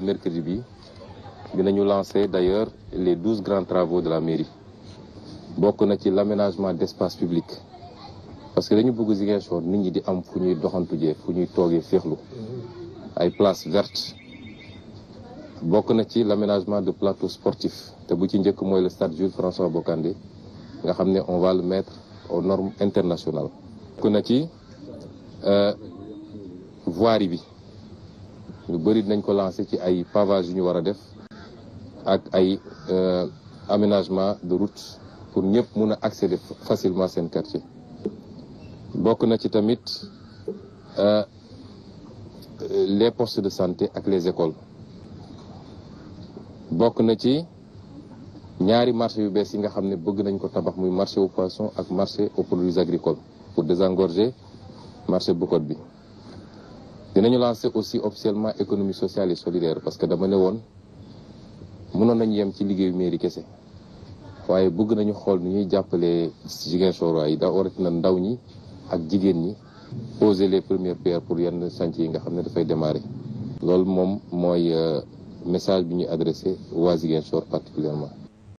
mercredi bi dinañu lancer d'ailleurs les douze grands travaux de la mairie bokk na ci l'aménagement d'espace public parce que dañu bëgg Ziguinchor nit ñi di am fu ñuy doxantujee fu ñuy toogee féexlu ay places vertes bokk na ci l'aménagement de plateau sportif te bu ci njëkk mooy le stade Jules François Bocandé nga xam ne on va le mettre aux normes bokk na ci euh, voirie bi lu bëri nañ ko lancé ci ay pavage yu ñu war a def ak ay euh, aménagement de route pour ñëpp mun a accéder facilement seen quartier bokk na ci tamit euh, les postes de santé ak les écoles bokk na ci ñaari marché yu bees yi nga xam ne bëgg nañ ko tabax muy marché au poisson ak marché aux produits agricoles pour désengorger marché bu bi dinañu lancer aussi officiellement économie sociale et solidaire parce que dama ne woon mënoon nañu yem ci liggéeyu mairie kese waaye bëgg nañu xool ni ñuy jàppale Ziguinchor daw da na ndaw ñi ak jigéen ñi poser les premières pierres pour yan sànc yi nga xam ne dafay démarrer. loolu moom mooy euh, message bi ñuy adressé waa Ziguinchor particulièrement